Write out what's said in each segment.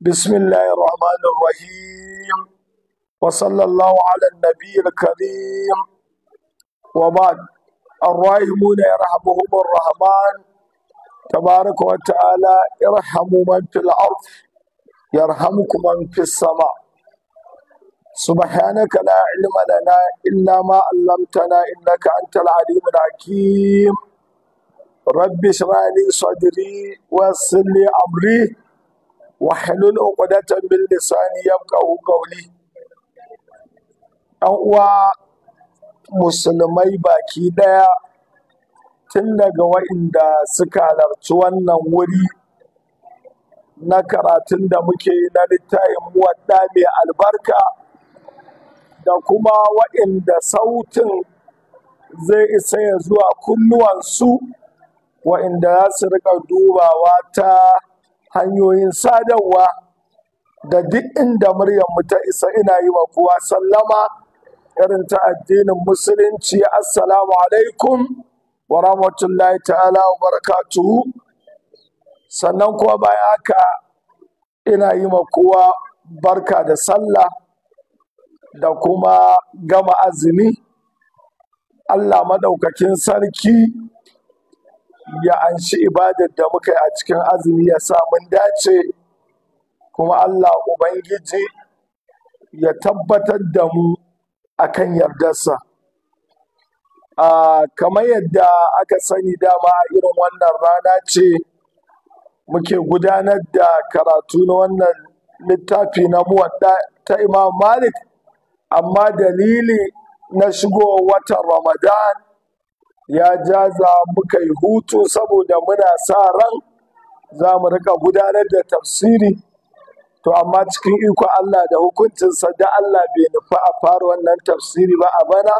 بسم الله الرحمن الرحيم وصلى الله على النبي الكريم وبعد الراحمون يرحمهم الرحمن تبارك وتعالى ارحموا من في الأرض يرحمكم من في السماء سبحانك لا علم لنا إلا ما علمتنا إنك أنت العليم الحكيم رب اشرح لي صدري ويسر لي أمري wahalul uqdatan bil lisani yafqahu qawli dan uwa musulmai baki daya tun daga wa'inda suka halarci wannan wuri na karatun da muke yi na littayin wadda mai albarka da kuma wa'inda sautin zai isa ya zuwa kunnuwansu wa'inda za su riƙa dubawa ta hanyoyin sadarwa da duk inda muryarmu ta isa ina yi wa kowa sallama irin ta addinin musulunci assalamu alaikum wa rahmatullahi ta'ala wa barakatuhu sannan kuwa bayan haka ina yi ma kowa barka da sallah da kuma gama azumi allah maɗaukakin sarki ya anshi ibadar da muka yi a cikin azumi ya sa mun dace kuma Allah Ubangiji ya tabbatar da mu akan yardarsa kamar yadda aka sani dama a irin wannan rana ce muke gudanar da karatu na wannan littafi na muwadda ta imam malik amma dalili na shigo watan ramadan ya jaza muka yi hutu saboda muna sa ran za mu rika gudanar da tafsiri to amma cikin iko Allah da hukuncinsa da Allah bai nufi a fara wannan tafsiri ba a bana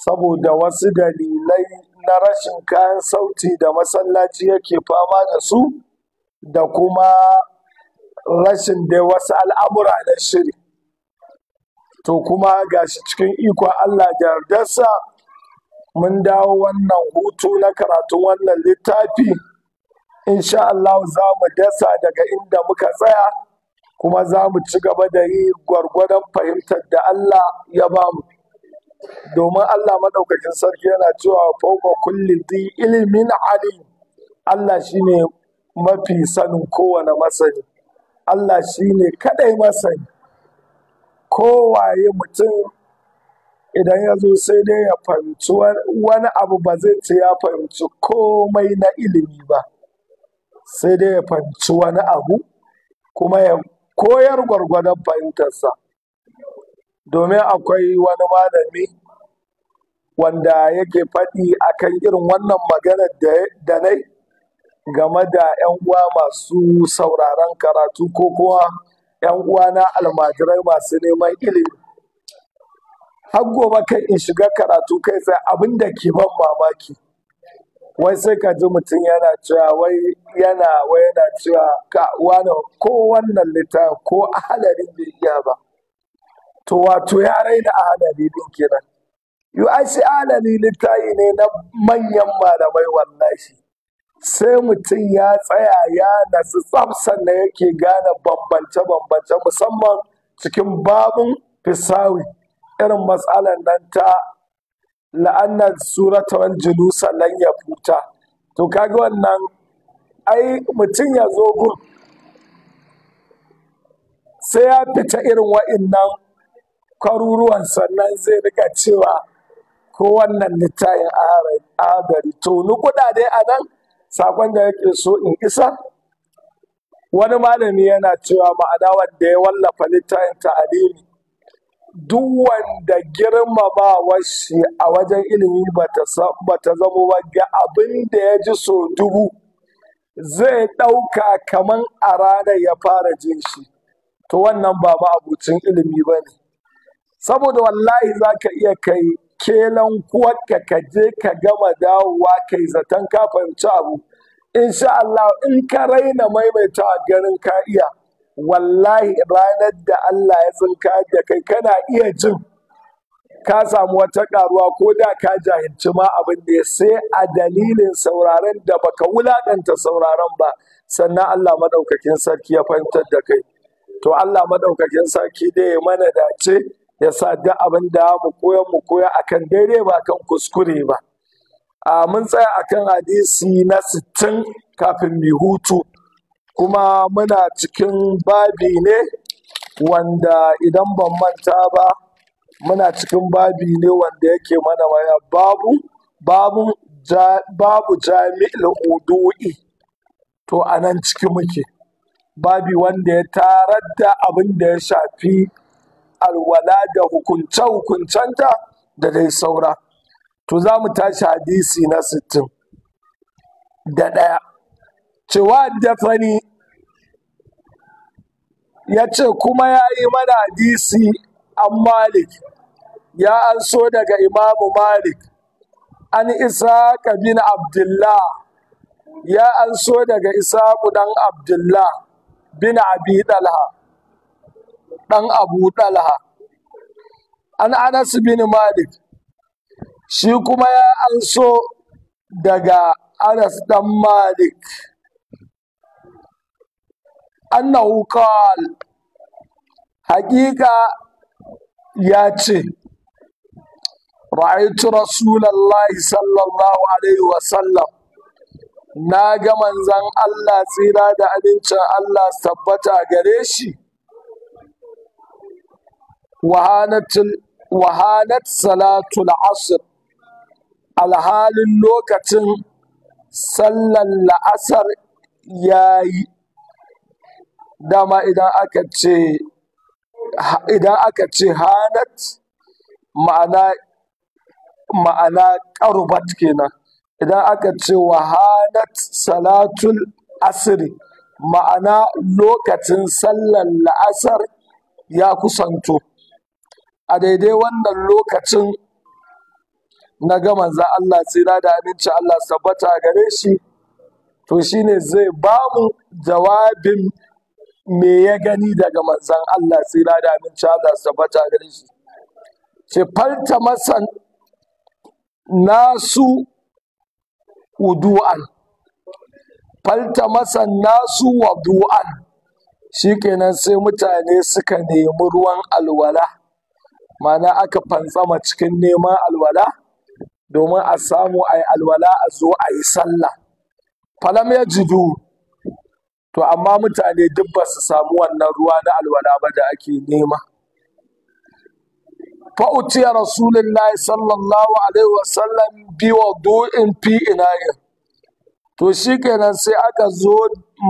saboda wasu dalilai na rashin kayan sauti da masallaci yake fama da su da kuma rashin da wasu al'amura na shiri to kuma gashi cikin iko Allah da yardarsa mun dawo wannan hutu na karatun wannan littafi insha Allah za mu dasa daga inda muka tsaya kuma za mu ci gaba da yi gwargwadon fahimtar da Allah ya ba mu domin Allah maɗaukakin sarki yana cewa fauka kullum di ilimin ali Allah shi ne mafi sanin kowane masani Allah shi shine kaɗai masani kowaye mutum idan ya zo sai dai ya fahimci wani abu ba zai ce ya fahimci komai na ilimi ba sai dai ya fahimci wani abu kuma ya koyar gwargwadon fahimtarsa domin akwai wani malami wanda yake faɗi akan irin wannan maganar da nai game da 'yan uwa masu sauraron karatu ko kuwa 'yan uwa na almajirai masu neman ilimi har gobe kai in shiga karatu kai sai abin da ke ban mamaki wai sai ka ji mutum yana cewa wai yana wai yana cewa ka wani ko wannan littafin ko ahalarin bai iya ba to wato ya raina ahalari din kenan yu ai shi ahalari littafi ne na manyan malamai wallahi sai mutum ya tsaya ya nasu tsamsan da yake gane bambance-bambance musamman cikin babun fisawi irin matsalar nan ta la'annan surata wal julusa lan ya futa to kaga wannan ai mutum ya zo gun sai ya fita irin wa'innan kwaruruwan sannan zai rika cewa ko wannan littayin agari to ni dai a nan sakon da yake so in isa wani malami yana cewa ma'ana wanda ya wallafa littayin ta'alimi duk wanda washi a wajen ilimi ba ta zamo ba ga abin da ya ji so dubu zai ɗauka kaman a ranar ya fara jin shi to wannan ba ma'abucin ilimi ba ne saboda wallahi za ka iya kai kelan kuwarka ka je ka gama dawowa kai zaton ka fahimci abu insha Allah in ka raina maimaita ganin ka iya wallahi ranar da Allah ya tsinka da kai kana iya jin ka samu wata karuwa ko da ka jahilci ma abin da sai a dalilin sauraron da baka wulaɗanta sauraron ba sannan Allah maɗaukakin sarki ya fahimtar da kai to Allah maɗaukakin sarki da ya mana dace ya sa duk abin da mu koya mu koya akan daidai ba kan kuskure ba a mun tsaya akan hadisi na sittin kafin mu hutu kuma muna cikin babi ne wanda idan ban manta ba muna cikin babi ne wanda yake mana waya babu babu ja, babu udu'i to a nan ciki muke babi wanda ya tarar da abin da ya shafi alwala da hukunce hukuncenta da dai saura to za mu tashi hadisi na sittin da ɗaya cewa dafani ya ce kuma ya yi mana hadisi an malik ya an so daga imamu malik an isa bin abdullah ya an so daga isaku dan abdullah bin abi dalha dan abu dalha an anas bin malik shi kuma ya an so daga anas dan malik annahu qal haƙiƙa ya ce ra'aytu rasulullahi sallallahu alaihi wasallam na ga manzan Allah tsira da amincin Allah tabbata gare shi wahanat salatul asr alhalin lokacin sallan la'asar ya yi dama idan aka ce idan aka ce hanat ma'ana ma'ana karubat kenan idan aka ce wa hanat salatul asiri ma'ana lokacin sallar la'asar ya kusanto a daidai wannan lokacin na gama za Allah tsira da aminci Allah sabbata gare shi to shine zai ba mu jawabin me ya gani daga manzan Allah sai tsira da aminci Allah su tabbata gare shi ce falta masan nasu wudu'an falta masan nasu Shi kenan sai mutane suka nemi ruwan alwala mana aka fantsama cikin neman alwala domin a samu a yi alwala a zo a yi sallah falam ya to amma mutane duk ba su samu wannan ruwa na alwala ba da ake nema fa'utiya rasulullahi sallallahu alaihi wasallam Do du'in fi ina'in to shi kenan sai aka zo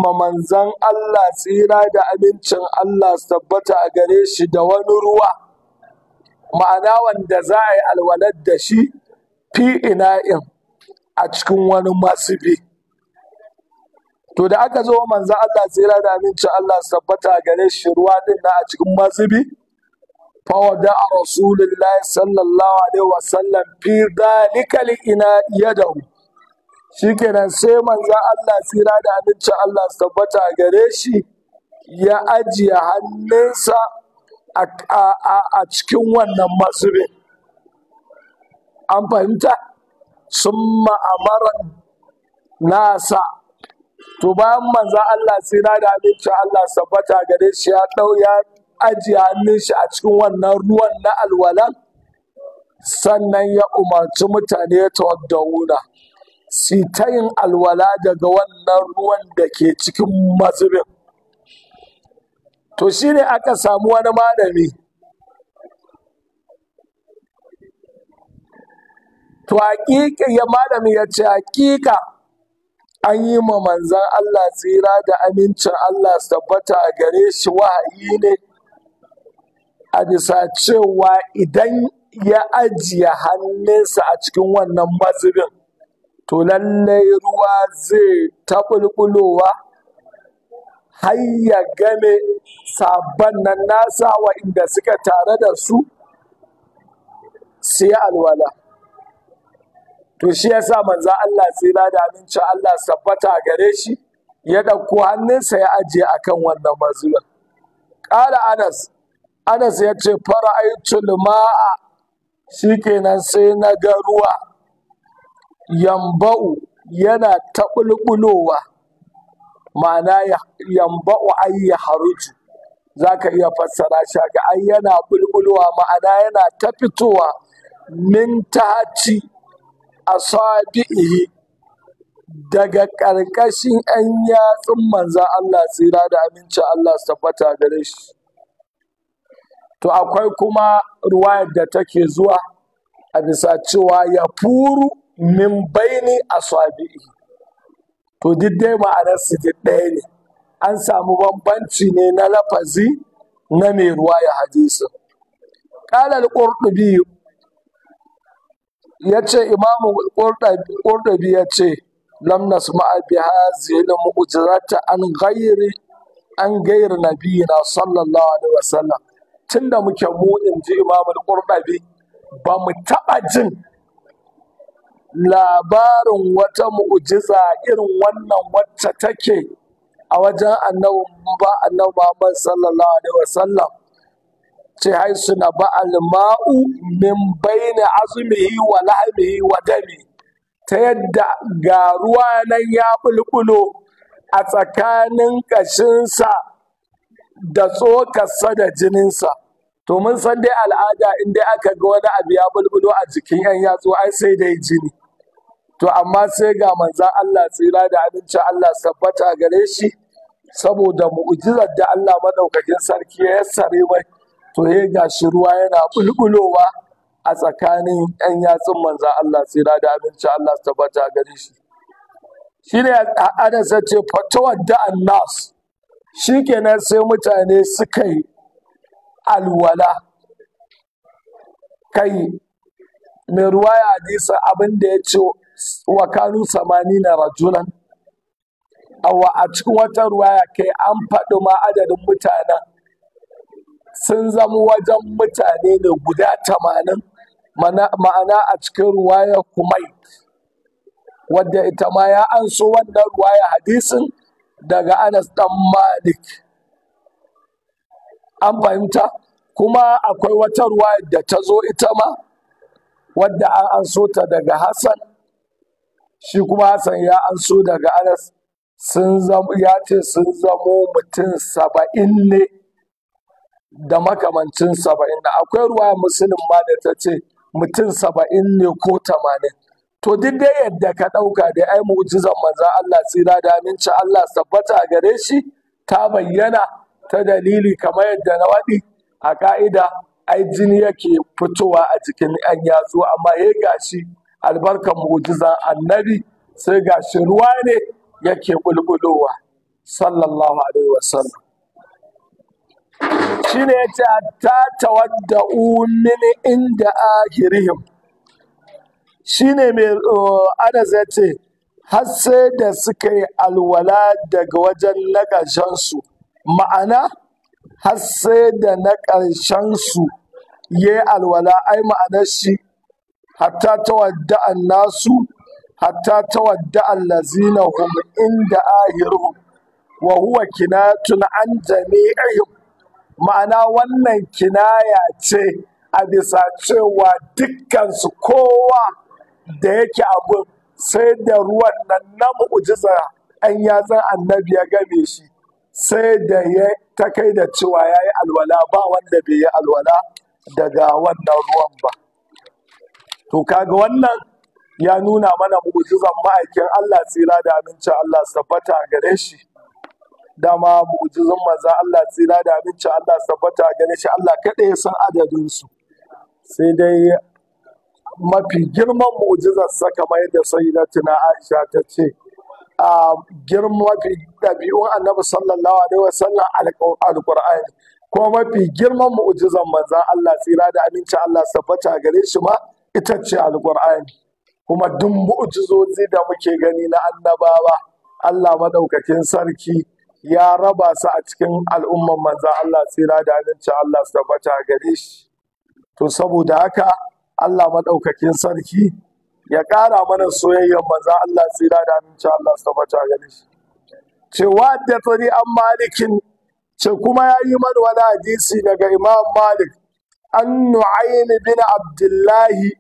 ma manzan Allah tsira da amincin Allah su tabbata a gare shi da wani ruwa ma'ana wanda za a yi alwalar da shi fi ina'in a cikin wani masu biyu to da aka zo manzo Allah tsira da aminci Allah sabbata gare shi ruwa din na a cikin mazubi fa wada rasulullahi sallallahu alaihi wa sallam fi dalika li ina yadahu shikenan sai manzo Allah tsira da aminci Allah sabbata gare shi ya ajiye hannunsa a cikin wannan masubin an fahimta sun ma'amaran nasa to bayan manzan Allah na da amincin Allah sabbata gare shi ya ɗau ya ajiye hannun shi a cikin wannan ruwan na alwala sannan ya umarci mutane ya tawaddauna si ta yin alwala daga wannan ruwan da ke cikin mazubin to shi ne aka samu wani malami to hakika ya malami ya ce hakika an yi ma manzan Allah tsira da amincin Allah tabbata a gare shi wahayi ne a bisa cewa idan ya ajiye hannunsa a cikin wannan mazubin to lallai ruwa zai taɓulɓulowa har ya game sabon nan nasa inda suka tare da su sai alwala to shi ya sa manza Allah tsira da aminci Allah sabbata gare shi ya ɗauko hannunsa ya ajiye a kan wannan mazuwa. ƙara anas anas ya ce fara fara'aitul ma'a shikenan sai na ga ruwa yamba'u yana taɓulɓulowa ma'ana yamba'u ai ya haruju za ka iya fassara shi ga ai yana bulbulowa ma'ana yana ta fitowa min tahaci asabihi daga ƙarƙashin ‘yan yatsun manzan Allah tsira da amincin Allah su tabbata gare shi. To akwai kuma ruwayar da take zuwa a bisa cewa ya furu min baini asabihi. To duk dai ma'anar su ɗaya ne, an samu bambanci ne na lafazi na mai ruwa ya hadisin. ƙalar ƙurɗubi ya ce imamu ƙordabi ya ce lam nasma'a bi hadhihi al-mu'jizata an ghairi an gairi nabiyina sallallahu alaihi wasallam tunda muke mu in ji imamul qurbabi ba mu taɓa jin labarin wata mu'jiza irin wannan wacce take a wajen annabi ba annabi Muhammad sallallahu alaihi wasallam ce hai na ba alma'u min baina azumihi wa lahmihi wa dami ta yadda ga ruwa nan ya bulbulo a tsakanin ƙashinsa da tsokarsa da jininsa to mun san dai al'ada in dai aka ga wani abu ya bulbulo a jikin yan yatsu ai sai dai jini to amma sai ga manzan Allah tsira da abinci Allah sabbata gare shi saboda mu'jizar da Allah madaukakin sarki ya yassare mai to ya gashi ruwa yana bulbulowa a tsakanin yan yatsun manza Allah tsira da abinci Allah su tabbata gare shi shi ne a adasa ce fatawar da annas shi kenan sai mutane suka yi alwala kai mai ruwa ya hadisa abin da ya ce wa kanu samani na rajulan a cikin wata ruwa ya kai an faɗi ma adadin mutanen sun zama wajen mutane ne guda tamanin ma'ana a cikin ruwaya kumai wadda ita ma ya an wannan ruwaya hadisin daga anas dan malik an fahimta kuma akwai wata ruwaya da ta zo ita ma wadda an an ta daga hassan shi kuma hassan ya an so daga anas sun ya ce sun zamo mutum saba'in ne da makamancin saba'in da akwai ruwa musulun ma da ta ce mutum saba'in ne ko tamanin to duk dai yadda ka ɗauka da ai mu'jizan manzan Allah tsira da aminci Allah tabbata a gare shi ta bayyana ta dalili kamar yadda na waɗi a ka'ida ai jini yake fitowa a jikin yan yatsu amma ya gashi albarkar mu'jizan annabi sai gashi ruwa ne yake bulbulowa sallallahu alaihi wasallam shine ta ta tawadda'u umini inda Shi shine mai uh, ana yace ce da suka yi alwala daga wajen na ƙarshensu ma'ana hasse da na ƙarshensu ya yi alwala ai ma'anar shi hatta an nasu hatta tawadda'an lazina hum inda ahirhum wa huwa kinatun an jami'ihim ma'ana wannan kinaya ce a bisa cewa dukkansu kowa da yake abin sai da ruwan nan na mu'ujiza an yatsan annabi ya game shi sai da ya ta kai da cewa ya yi alwala ba wanda bai yi alwala daga wannan ruwan ba to kaga wannan ya nuna mana mu'ujizan ma'aikin allah tsira da amincin allah tabbata gare shi dama mu'jizan maza Allah tsira da abinci Allah sabbata gane shi Allah kaɗai ya san adadin sai dai mafi girman mu'jizar sa kamar yadda sayyidatuna Aisha ta ce a girman mafi ɗabi'un annabi sallallahu alaihi wasallam alqur'ani ko mafi girman mu'jizan maza Allah tsira da abinci Allah sabbata gare shi ma ita ce alqur'ani kuma duk mu'jizozi da muke gani na annabawa Allah madaukakin sarki ya raba su a cikin al'umman manza Allah tsira da amincin Allah su tabbata gare shi to saboda haka Allah maɗaukakin sarki ya ƙara mana soyayyar manza Allah tsira da amincin Allah su tabbata gare shi ce wadda tsari an malikin ce kuma ya yi mana wani hadisi daga imam malik an nu'aymi bin abdullahi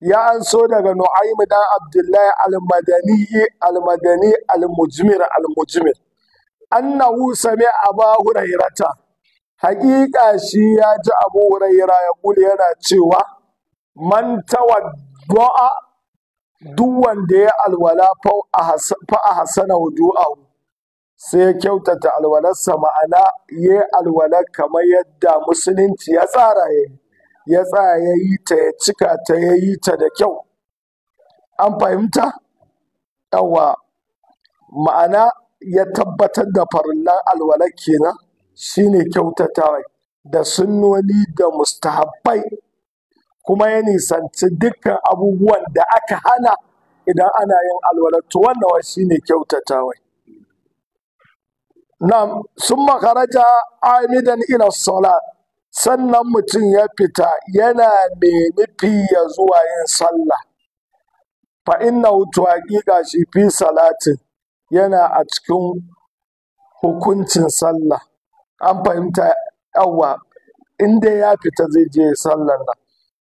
ya an so daga nu'aymi dan abdullahi al-madani al-madani al-mujmir al-mujmir annahu sami'a aba hurairata haƙiƙa shi ya ji abu huraira ya kuli yana cewa man tawadda'a duk wanda ya alwala fa a hasana wudu'ahu sai ya kyautata alwalarsa ma'ana ya alwala kamar yadda musulunci ya tsara ya tsaya ya yi ta ya cika ta ya yi ta da kyau an fahimta yawa ma'ana ya tabbatar da farillan alwala kenan shine kyautatawa da sunnoni da mustahabbai kuma ya nisanci dukkan abubuwan da aka hana idan ana yin alwalar to wannan shine kyautatawa nam sun makaraja amidan ila sola sannan mutum ya fita yana mai nufi ya zuwa yin sallah fa inna wutu hakika shi fi salatin yana a cikin hukuncin sallah an fahimta yawa inda ya fita zai je sallar nan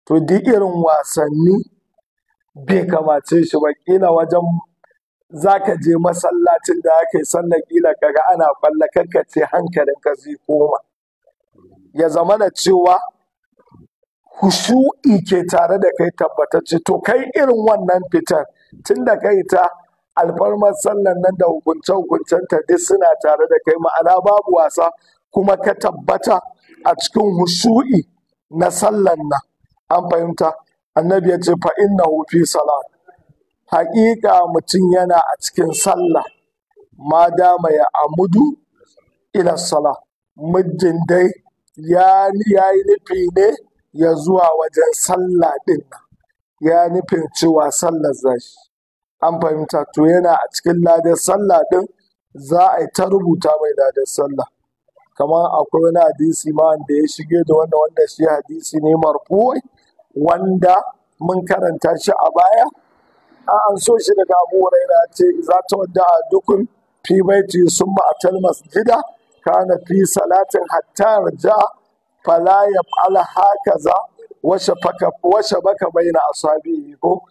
to duk irin wasanni bai kamace shi ba kila wajen zaka je masallacin da aka yi sallar kila kaga ana kwalla ce hankalin ka zai koma ya zama da cewa hushu'i ke tare da kai tabbatacce to kai irin wannan fitar tun da kai ta alfarmar sallan nan da hukunce-hukuncenta duk suna tare da kai ma'ana babu wasa kuma ka tabbata a cikin hushu'i na sallan nan an fahimta annabi ya ce fa inna fi salat haƙiƙa mutum yana a cikin sallah ma dama ya amudu ila sala muddin dai ya yi nufi ne ya zuwa wajen sallah ɗin nan ya nufin cewa sallar zashi an fahimta to yana a cikin ladar sallah din za a yi ta rubuta mai ladar sallah kamar akwai wani hadisi ma da ya shige da wanda wanda shi hadisi ne marfuwai wanda mun karanta shi a baya an so shi da Abu Hurairah ce za ta wadda a dukun fi baiti summa atal masjida kana fi salatin hatta ja fala yab'al za washe baka na asabi ko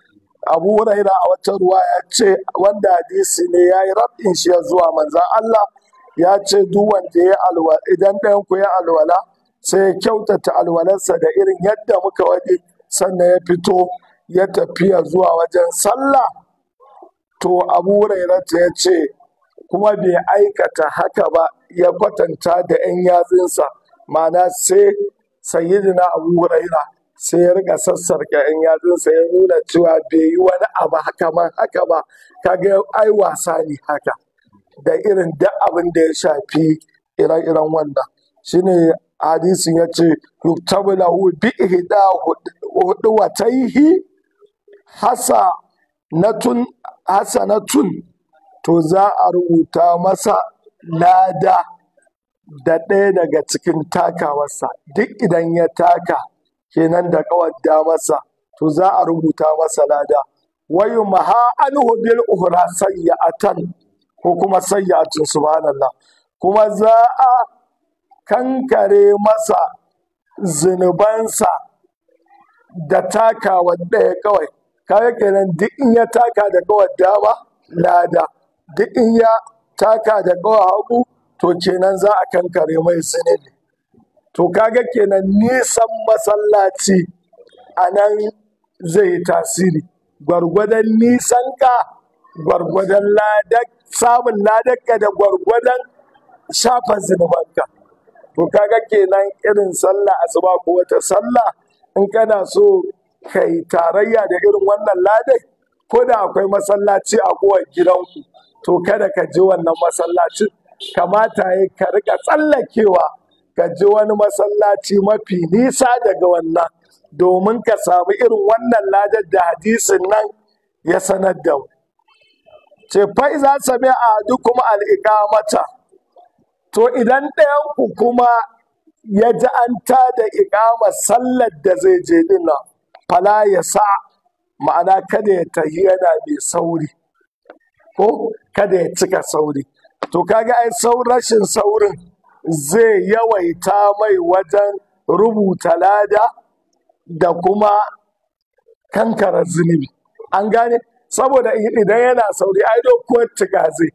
abu huraira a wata ruwa ya ce wanda hadisi ne ya yi rabin shi ya zuwa Manza. Allah ya ce duk wanda ya alwala idan ɗayan ku ya alwala sai ya kyautata alwalarsa da irin yadda muka waje sannan ya fito ya tafiya zuwa wajen sallah to abu huraira ya ce kuma bai aikata haka ba ya kwatanta da 'yan yatsunsa ma'ana sai sayyidina abu huraira sai ya sassar sassarka yan yatsunsa ya nuna cewa bai yi wani abu kamar haka ba kaga ai wasa ne haka da irin da abin da ya shafi ire-iren wannan shine hadisin ya ce yuktabula hu bi ihda hudu wataihi hasa natun tun to za a rubuta masa lada da ɗaya daga cikin takawarsa duk idan ya taka kenan da kawadda masa to za a rubuta masa lada wayu maha anhu bil ukhra sayyatan ko kuma sayyatun subhanallah kuma za a kankare masa zunubansa da takawa ɗaya kawai kawai kenan duk in ya taka da kawadda dama lada duk in ya taka da kawai hagu to kenan za a kankare mai zunubi to kaga kenan nisan masallaci a nan zai yi tasiri gwargwadon ka gwargwadon samun ladakka da gwargwadon zinuban ka. to kaga kenan irin sallah asuba ko wata sallah in kana so kai tarayya da irin wannan ladai ko da akwai masallaci a kowar gidanku to kada ka je wannan masallacin kamata ya ka rika tsallakewa ka je wani masallaci mafi nisa daga wannan domin ka samu irin wannan ladar da hadisin nan ya sanar da mu ce fai za su bi a kuma al'iƙamata to idan ɗayanku kuma ya ji an ta da iƙama sallar da zai je dina fala ya sa ma'ana kada ya tahi yana mai sauri ko kada ya cika sauri to kaga ai sau rashin saurin zai yawaita mai wajen rubuta lada da kuma kankara zunubi an gane saboda idan yana sauri ai ko tuka zai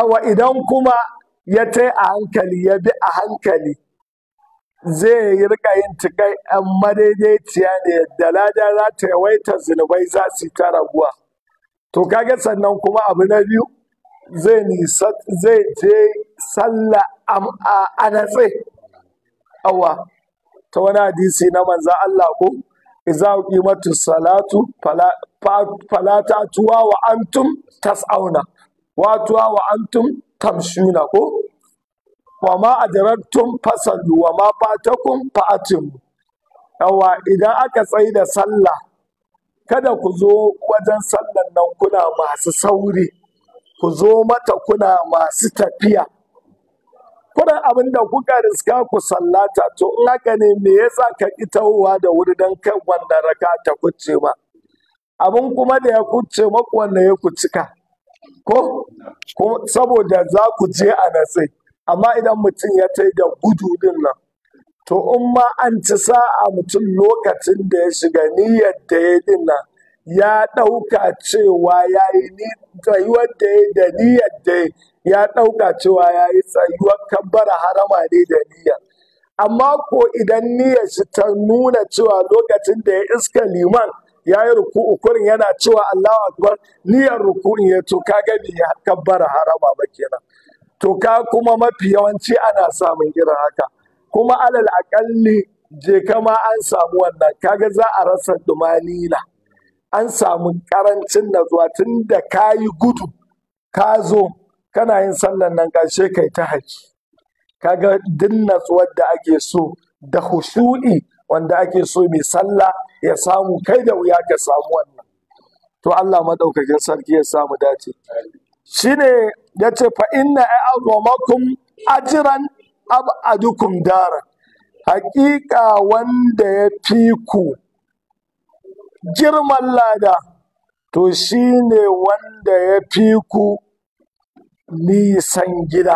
awa idan kuma ya tai a hankali ya bi a hankali zai yi rika yin tukai an madaidaiciya ne da lada za ta yawaita zunubai za su ta raguwa to kage sannan kuma abu na biyu zai zai je sallah a natse awa ta wani hadisi na manza Allah ko idza qimatu salatu fala tuwa wa antum tas'auna wa tuwa wa antum tamshuna ko wa ma adraktum fasallu wa ma fatakum fa'atim yawa idan aka tsayi da sallah kada ku zo wajen sallan nan kuna masu sauri ku zo mata kuna masu tafiya kuna abin da kuka riska ku sallata to in haka ne me sa ka ita tahowa da wuri don kai wanda raka ta kuce ba abin kuma da ya kuce maku wanda ya ku cika, ko saboda za ku je a nasai amma idan mutum ya tai da gudu din nan to in ma an ci sa'a mutum lokacin da ya shiga niyyar da ya din nan ya ɗauka cewa ya yi tsayuwar da ya da niyyar da ya ɗauka cewa ya yi tsayuwar kabbar harama ne da niyyar amma ko idan niyyar shi ta nuna cewa lokacin da ya iska liman ya yi ruku'u yana cewa allah akbar niyyar ruku'u ya to ka gani ya kabbara harama ba kenan to ka kuma mafi yawanci ana samun irin haka kuma alal aƙalli je kama an samu wannan kaga za a rasa dumanila. an samu karancin natsuwa tun da ka yi gudu ka zo kana yin sallan nan ƙarshe kai ta haji kaga duk natsuwar da ake so da hushu'i wanda ake so mai sallah ya samu kai da wuya ka samu wannan to Allah madaukakin sarki ya samu dace shine yace fa inna a'udhumakum ajran ab'adukum dara. haƙiƙa wanda ya fi ku girman lada to shi ne wanda ya fi ku nisan gida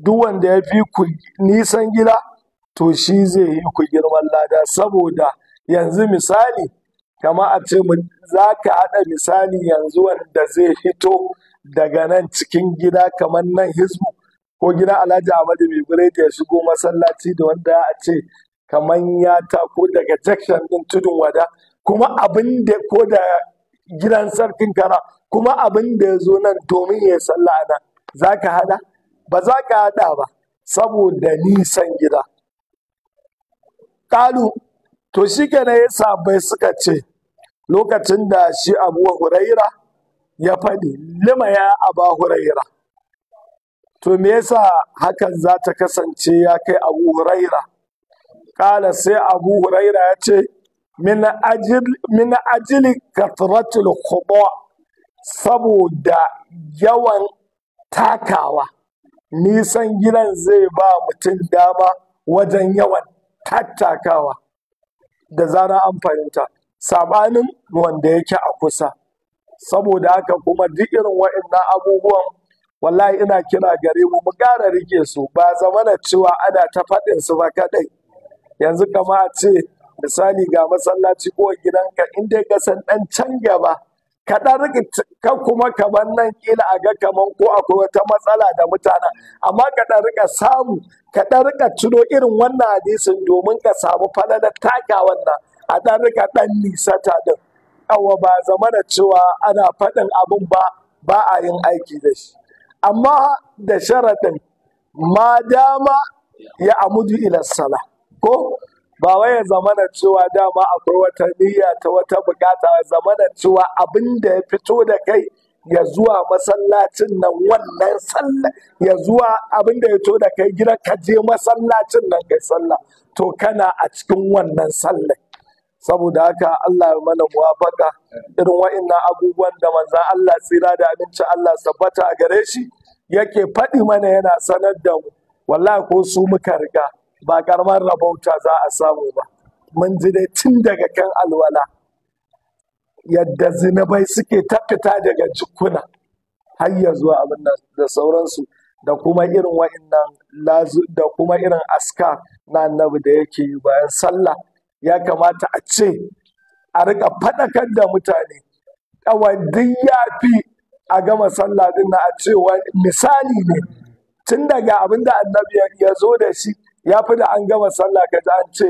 duk wanda ya fi ku nisan gida to shi zai yi ku girman lada saboda yanzu misali kama a ce za ka haɗa misali yanzu wanda zai hito daga nan cikin gida kamar nan hizbu ko gida alhaji ahmadu mai biredi ya shigo masallaci da wanda a ce kamar ya tako daga jakshan ɗin tudun wada kuma abin da ko da gidan sarkin kana kuma abin da ya zo nan domin ya salla a nan za ka haɗa ba za ka haɗa ba saboda nisan gida ƙalu to shi na yasa bai suka ce lokacin da shi abu huraira ya faɗi lima ya aba huraira to me yasa hakan za ta kasance ya kai abu huraira ƙala sai abu huraira ya ce min ajil min ajili kathratul saboda yawan takawa nisan gidan zai ba mutum dama wajen yawan tattakawa da zana an fahimta sabanin wanda yake a kusa saboda haka kuma duk irin wa'annan abubuwan wallahi ina kira gare mu mu gara rike su ba zama na cewa ana ta faɗin su ba kaɗai yanzu kama a ce misali ga masallaci ko gidanka in dai ka san dan can gaba ka dan rike ka kuma kaman nan kila a ga kaman ko akwai wata matsala da mutanen amma ka dan rika samu ka dan rika tuno irin wannan hadisin domin ka samu falalar taka wannan a dan rika dan ta din awa ba zamana cewa ana faɗin abin ba ba a yin aiki da shi amma da sharaɗin ma dama ya amudu ila sala ko ba wai ya zamana cewa dama akwai wata niyya ta wata bukata ya zamana cewa abin da ya fito da kai ya zuwa masallacin nan wannan sallah ya zuwa abin da ya to da kai gida ka je masallacin nan kai sallah to kana a cikin wannan sallah saboda haka Allah ya mana muwafaka irin wa'annan abubuwan da manzan Allah tsira da abinci Allah sabbata a gare shi yake faɗi mana yana sanar da mu wallahi ko su muka riga ba karamar rabauta za a samu ba mun ji dai tun daga kan alwala yadda zinabai suke tafita daga jikuna har ya zuwa abin da sauransu da kuma irin wa'annan da kuma irin aska na annabi da yake yi bayan sallah ya kamata a ce a rika faɗakar da mutane kawai ya fi a gama sallah din na a cewa misali ne tun daga abin da annabi ya zo da shi ya fi da an gama sallah ka ji an ce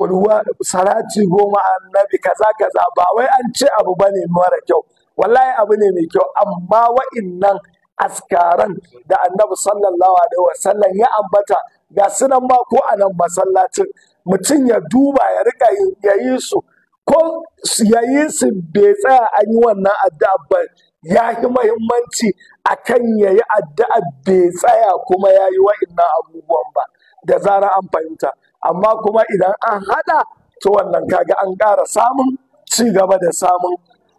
kulwa sarati goma annabi kaza kaza ba wai an ce abu ba bane mara kyau wallahi abu ne mai kyau amma wa'innan askaran da annabi sallallahu alaihi wasallam ya ambata ga sunan ma ko a nan masallacin mutum ya duba ya rika ya su ko ya yi su bai tsaya an yi wannan addu'a ba ya yi muhimmanci akan yayi addu'a bai tsaya kuma yayi yi wa'innan abubuwan ba da zarar an fahimta amma kuma idan an haɗa to wannan kaga an ƙara samun ci gaba da samun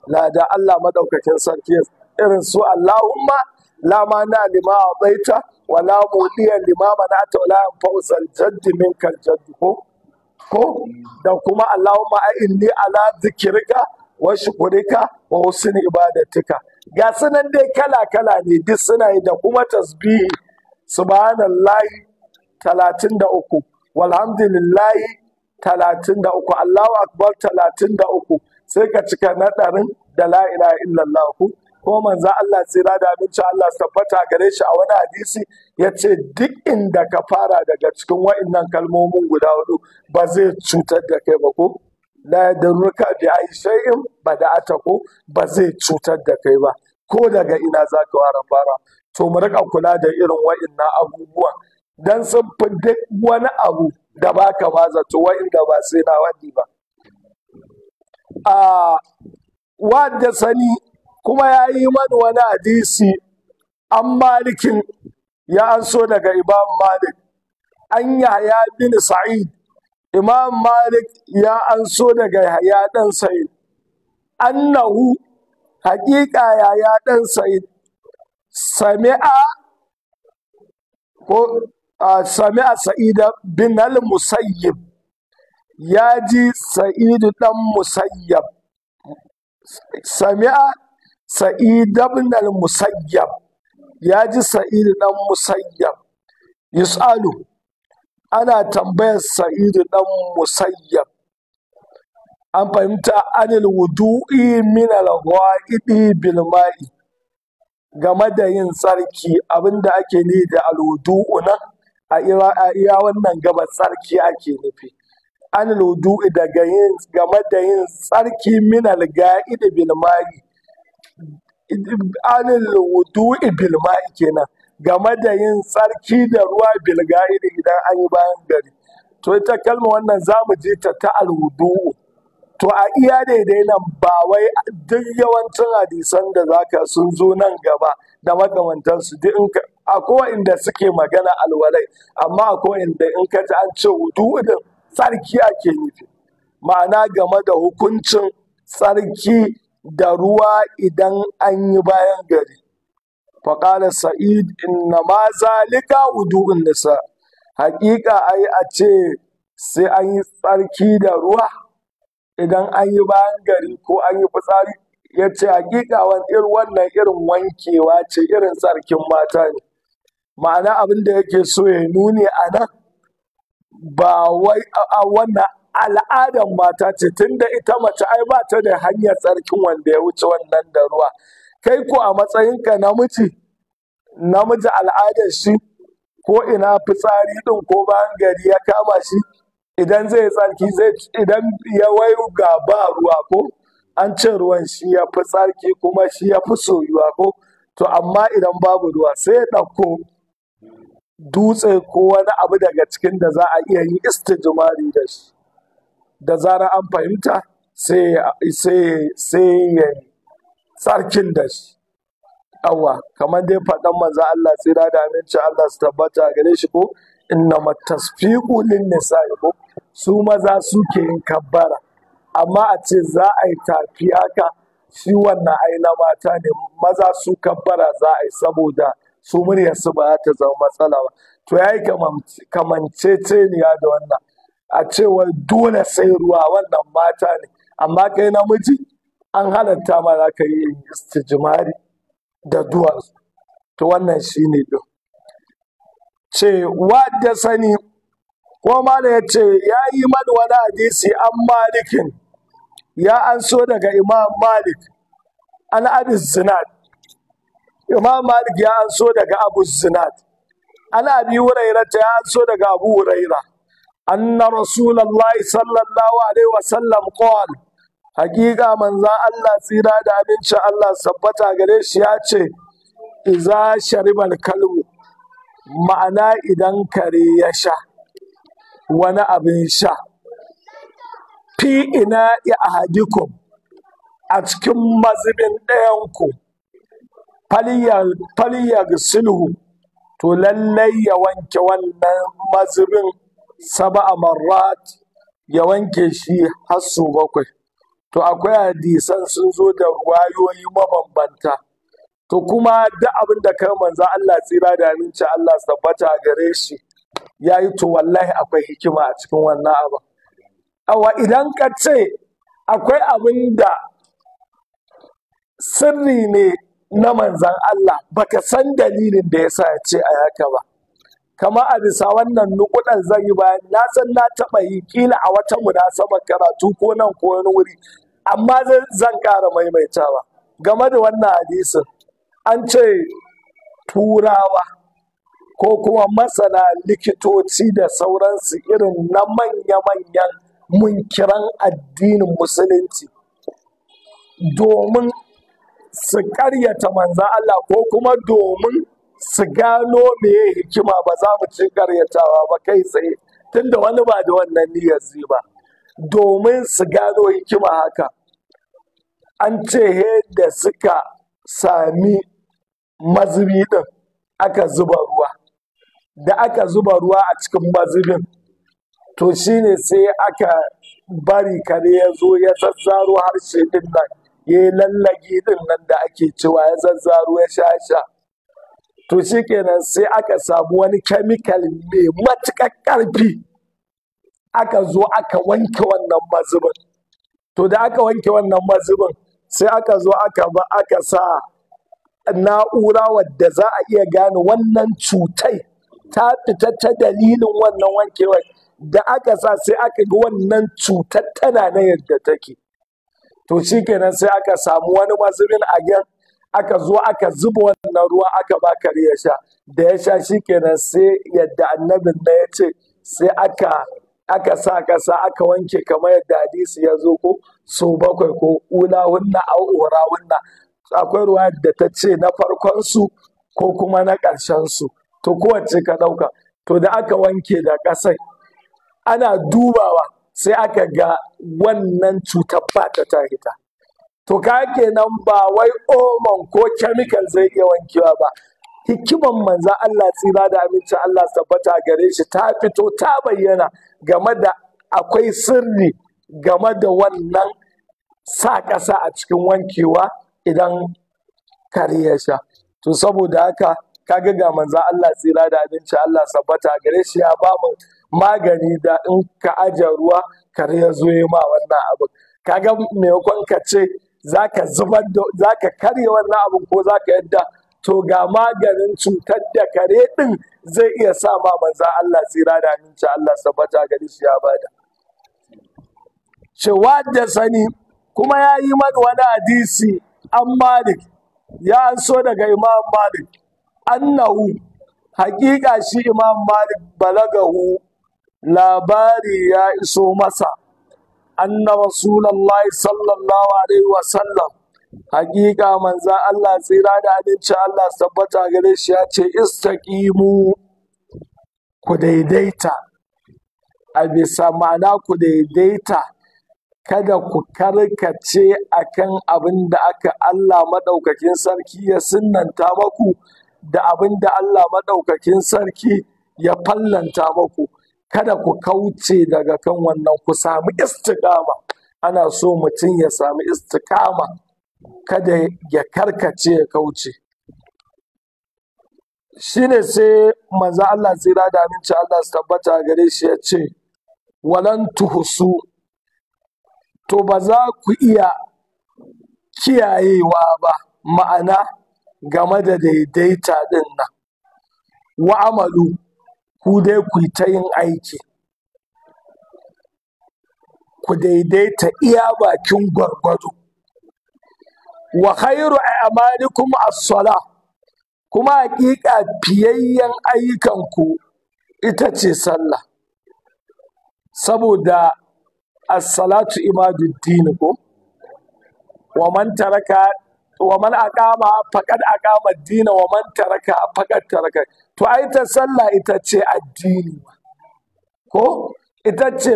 lada Allah madaukakin sarki irin su Allahumma la na lima baita wala mudiyan lima manata wa la fausal jaddi min kal jaddi ko ko da kuma Allahumma inni ala zikrika wa shukrika wa husni ibadatika ga sunan dai kala kala ne duk suna yi da kuma tasbihi subhanallahi talatin da uku walhamdulillahi talatin da uku allahu akbar talatin da uku sai ka cika naɗarin ɗarin da la illallahu ko manzo Allah tsira da abinci Allah tabbata gare shi a wani hadisi ya ce duk inda ka fara daga cikin wa'innan kalmomin guda hudu ba zai cutar da kai ba ko la yadurruka bi ayi shay'in bada'ata ko ba zai cutar da kai ba ko daga ina za ka wara fara? to mu rika kula da irin wa'innan abubuwan dan sun fi wani abu da ba ka ba zato wa'inda ba sai na wadi ba. A wadda sani kuma ya yi wani hadisi an malikin ya an so daga Imam Malik, an yaya bin Sa'id, Imam Malik ya an so daga yaya dan Sa'id, annahu haƙiƙa yaya dan Sa'id, sami'a ko sami'a sa'ida bin al-musayyib ya ji sa'idu dan musayyab sami'a sa'ida bin al-musayyab ya ji sa'idu dan musayyab yus'alu ana tambayar sa'idu dan musayyab an fahimta anil wudu'i min al-gha'idi bil ma'i game da yin tsarki abinda ake ni da al-wudu'u nan a iya wannan gaba tsarki ake nufi an ludu daga yin game da yin tsarki minal ga'idi bilmari an ludu bilmari kenan game da yin tsarki da ruwa bilga'idi idan an yi bayan gari to ita kalma wannan za mu je ta ta alwudu'u to a iya daidai nan ba wai duk yawancin hadisan da zaka sun zo nan gaba da magamantansu duk in akwai inda suke magana alwalai amma akwai inda in ka ta an ce din tsarki ake nufi ma'ana game da hukuncin tsarki da ruwa idan an yi bayan gari faƙala sa'id inna ma zalika wudu'in nisa haƙiƙa ai a ce sai an yi tsarki da ruwa idan an yi bayan gari ko an yi fitsari ya ce haƙiƙa wannan irin wankewa ce irin tsarkin mata ne ma'ana abin da yake so ya nuni a nan ba wai a wannan al'adar mata ce tunda ita mace ai ba ta da hanyar tsarkin wanda ya wuce wannan da ruwa kai ku a matsayinka namiji namiji al'adar shi ko ina fitsari din ko bayan gari ya kama shi idan zai tsarki zai idan ya wayo ga ba ruwa ko an ce ruwan shi ya fi tsarki kuma shi ya fi soyuwa ko to amma idan babu ruwa sai ya ɗauko dutse ko wani abu daga cikin da za a iya yin istijmari da shi da zarar an fahimta sai ya tsarkin da shi awa kamar dai faɗan manzan Allah tsira da aminci Allah su tabbata gare shi ko inna matasfiqu lin nisa'i ko su maza suke yin kabbara amma a ce za a yi tafi haka shi wannan ai na mata ne maza su kabbara za a yi saboda su muryarsu ba ta zama matsala ba to ya yi kamanceceniya da wannan a cewar dole sai ruwa wannan mata ne amma kai namiji an halatta ma za ka yi istijimari da duwatsu to wannan shi ne din ce wadda sani ko da ya ce ya yi mani wani hadisi an malikin ya an so daga imam malik an abin zinad imam malik ya anso daga abu zinad an abi huraira ta ya anso daga abu huraira anna rasulullahi sallallahu alaihi sallam qaal hakika manza allah tsira da amincin allah sabbata gare shi ya ce iza sharibal kalbu ma'ana idan kare ya sha wani abin sha fi ina ya ahadikum a cikin mazibin ɗayanku faliyar sulhu to lallai ya wanke wannan mazirin saba'a marat ya wanke shi har sau bakwai to akwai hadisan sun zo da wayoyi mabambanta to kuma da abin da kan manzo Allah tsira da aminci Allah tabbata gare shi yayi to wallahi akwai hikima a cikin wannan abu awa idan ka ce akwai abin da sirri ne na manzan Allah baka san dalilin da ya sa ya ce a yaka ba kama a bisa wannan nukudan zan yi bayan na san na taɓa yi kila a wata munasabar karatu ko nan ko wani wuri amma zan ƙara maimaitawa game da wannan hadisin an ce turawa ko kuma masana likitoci da sauransu irin na manya-manyan munkiran addinin musulunci domin su karyata manzan Allah ko kuma domin su gano meye hikima ba za mu ci karyatawa ba kai tsaye tunda wani ba da wannan niyyar zai ba domin su gano hikima haka an ce yadda suka sami mazubi ɗin aka zuba ruwa da aka zuba ruwa a cikin mazubin to shine sai aka bari kare ya zo ya zazzaro harshe ɗin nan ya lallage din nan da ake cewa ya zazzaro ya sha sha to shikenan sai aka samu wani chemical mai matuƙar ƙarfi aka zo aka wanke wannan mazubin to da aka wanke wannan mazubin sai aka zo aka ba aka sa na'ura wadda za a iya gane wannan cutai ta fita ta dalilin wannan wankewar da aka sa sai aka ga wannan cutar tana na yadda take to shi kenan sai aka samu wani mazubin agen aka zo aka zuba wannan ruwa aka ba kare ya sha da ya sha shikenan sai yadda annabin na ya ce sai aka aka sa kasa aka wanke kamar yadda hadisi ya zo ko so bakwai ko ula wunna au ura wunna akwai ruwa da ta ce na farkon su ko kuma na ƙarshen su to kowace ka ɗauka to da aka wanke da ƙasai ana dubawa sai aka ga wannan cutar ba ta tarita to ka kenan ba wai omon ko chemical zai iya wankewa ba hikiman manza Allah tsira da amincin Allah tabbata gare shi ta fito ta bayyana game da akwai sirri game da wannan sa ƙasa a cikin wankewa idan kare ya sha to saboda haka kaga ga manza Allah tsira da amincin Allah tabbata gare shi ya ba mu magani da in ka aje ruwa ka ya zo ma wannan abin kaga maimakon ka ce ka zubar da ka karye wannan abin ko za ka yadda to ga maganin cutar da kare din zai iya sa ma manzan Allah tsira da aminci Allah sabbata gari shi ya bada cewa da sani kuma ya yi mana wani hadisi an malik ya so daga imam malik annahu haƙiƙa shi imam malik balagahu labari ya iso masa anna rasulullahi sallallahu alaihi sallam hakika manza Allah tsira da abinci, Allah tabbata gare shi ya ce istaqimu ku daidaita a bisa ma'ana ku daidaita kada ku karkace akan abin da aka Allah maɗaukakin sarki ya sinnanta maku da abin da Allah maɗaukakin sarki ya fallanta maku kada ku kauce daga kan wannan ku samu istiqama ana so mutum ya samu istiqama kada ya karkace ya kauce shine sai manzo Allah tsira da aminci Allah su tabbata gare shi ya ce walan tuhusu to ba za ku iya kiyayewa ba ma'ana game da daidaita din nan wa'amalu ku dai ku yi ta yin aiki ku daidaita iya bakin gwargwado wa khairu a'malikum as-sala kuma hakika fiyayyen ayyukanku ita ce sallah saboda as-salatu imaduddin ko wa man taraka wa man aqama faqad aqama ad-din wa man taraka faqad taraka to ai ta sallah ita ce addini ko ita ce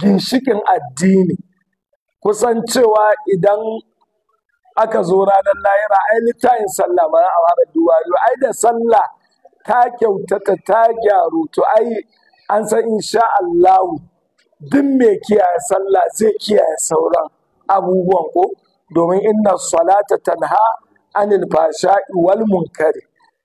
ginshikin addini kusan cewa idan aka zo ranar lahira ai yin sallah ba a fara duwayo ai da sallah ta kyautata ta gyaru to ai an san insha Allahu duk mai kiyaye sallah zai kiyaye sauran abubuwan ko domin inna salata tanha anil fasha'i wal munkari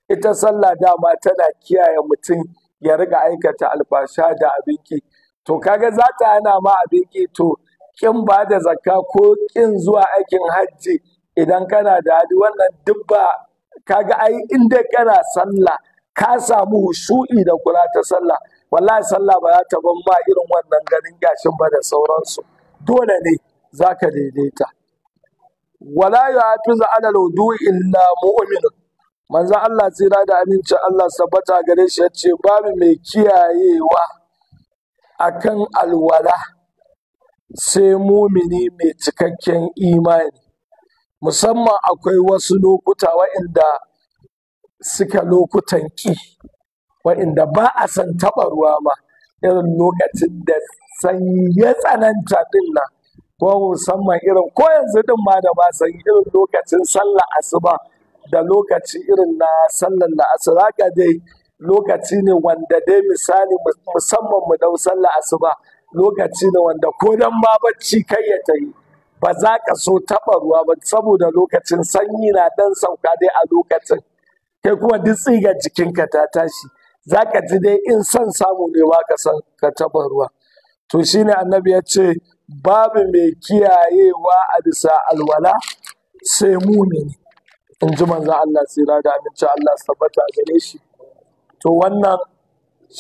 ita sallah dama tana kiyaye mutum ya riga aikata alfasha da abinki to kaga za ta hana ma abinki to kin ba da zakka ko kin zuwa aikin hajji idan kana da hali wannan duk kaga ai inda kana sallah ka samu husu'i da kula ta sallah wallahi sallah ba za ta ban ma irin wannan ganin gashin ba da sauransu dole ne za ka daidaita wala ya fi za'anar wudu illa mu'minun manzon Allah tsira da amincin Allah sabbata gare shi yace babu mai kiyayewa akan alwala sai mumini mai cikakken imani musamman akwai wasu lokuta waɗanda suka lokutan ƙi waɗanda ba a san taɓa ruwa ba irin lokacin da sanyi ya tsananta din nan ko musamman irin ko yanzu din ma da ba san irin lokacin sallah asuba da lokaci irin na sallar da asiraka dai lokaci ne wanda dai misali musamman mu dau sallar asuba lokaci ne wanda ko dan ma bacci kai ya tayi ba za ka so taɓa ruwa ba saboda lokacin sanyi na dan sauka dai a lokacin kai kuma duk jikin jikinka ta tashi za ka ji dai in son samu ne wa ka san ka taɓa ruwa to shine annabi ya ce babu mai kiyayewa a bisa alwala sai mumini in ji manzo Allah tsira da aminci Allah tabbata a gare shi to wannan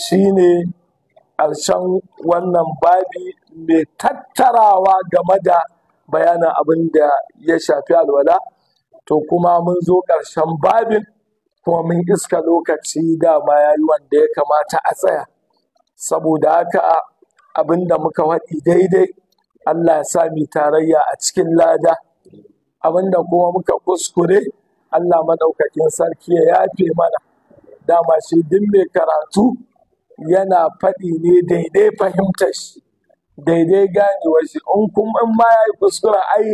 shi ne ƙarshen wannan babi mai tattarawa game da bayanin abin da ya shafi alwala to kuma mun zo ƙarshen babin kuma mun iska lokaci da ma yi wanda ya kamata a tsaya saboda haka abin da muka faɗi daidai Allah ya sa mi tarayya a cikin lada abin da kuma muka kuskure Allah madaukakin sarki ya yafe mana dama shi duk mai karatu yana faɗi ne daidai fahimtar shi daidai ganewa shi in kuma in ma ya yi kuskura ai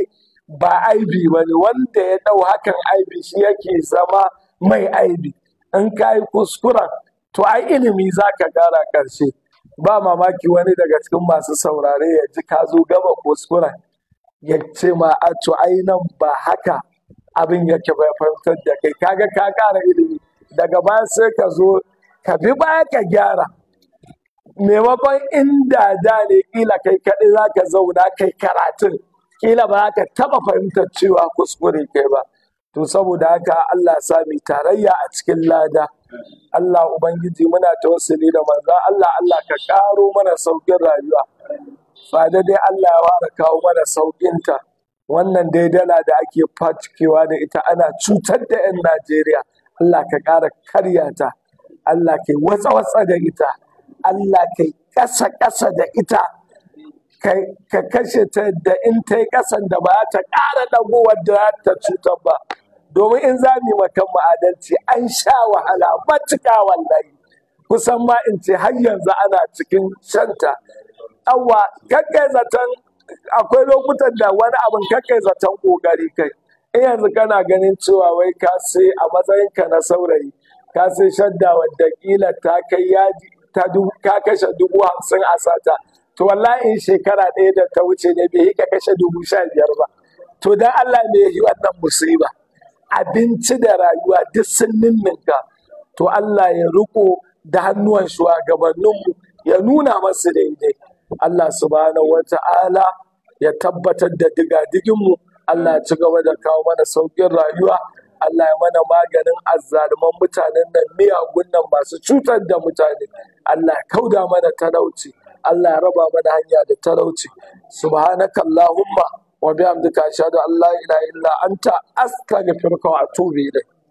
ba aibi ba ne wanda ya dau hakan aibi shi yake zama mai aibi in ka yi kuskura to ai ilimi za ka gara ƙarshe ba mamaki wani daga cikin masu saurare ya ji ka zo gaba kuskura ya ce ma a to ai nan ba haka abin ya bai fahimtar da kai kaga ka kara ilimi daga baya sai ka zo ka bi baya ka gyara maimakon inda da ne kila kai kaɗi za ka zauna kai karatun kila ba za ka taɓa fahimtar cewa kuskure kai ba to saboda haka Allah ya sami tarayya a cikin lada Allah ubangiji muna tawassuli da manzo Allah Allah ka karo mana saukin rayuwa fa dai Allah ya ware kawo mana saukinta ta wannan dai dala da ake fatikewa da ita ana cutar da 'yan Najeriya Allah ka ƙara karya ta Allah ka watsa-watsa da ita Allah ka ƙasa-ƙasa da ita ka kashe ta da in ta yi ƙasan da ba ta ƙara ɗagowar da ta cutar ba domin in za mu makan ma'adalci an sha wahala matuƙa wallahi kusan ma in ce har yanzu ana cikin shanta awa kakkai zaton akwai lokutan da wani abin kakai zaton kokari kai in eh, yanzu kana ganin cewa wai ka sai a ka na saurayi ka sai shadda wadda kila ta kai yaji ta ka kashe dubu hamsin a sata to wallahi in shekara ɗaya da ta wuce ne bai yi ka kashe dubu sha biyar ba to dan Allah ne yi wannan musiba abinci da rayuwa duk sun ninninka to Allah ya riko da hannuwan shugabanninmu ya nuna masu daidai Allah subhanahu wata'ala ya tabbatar da diga digadiginmu Allah ci gaba da kawo mana saukin rayuwa Allah ya mana maganin azzaluman mutanen nan miyagun nan masu cutar da mutane Allah kauda mana talauci Allah ya raba mana hanya da talauci subhanakallahumma wa bihamdika ashhadu an la ilaha illa anta astaghfiruka wa atubu ilayk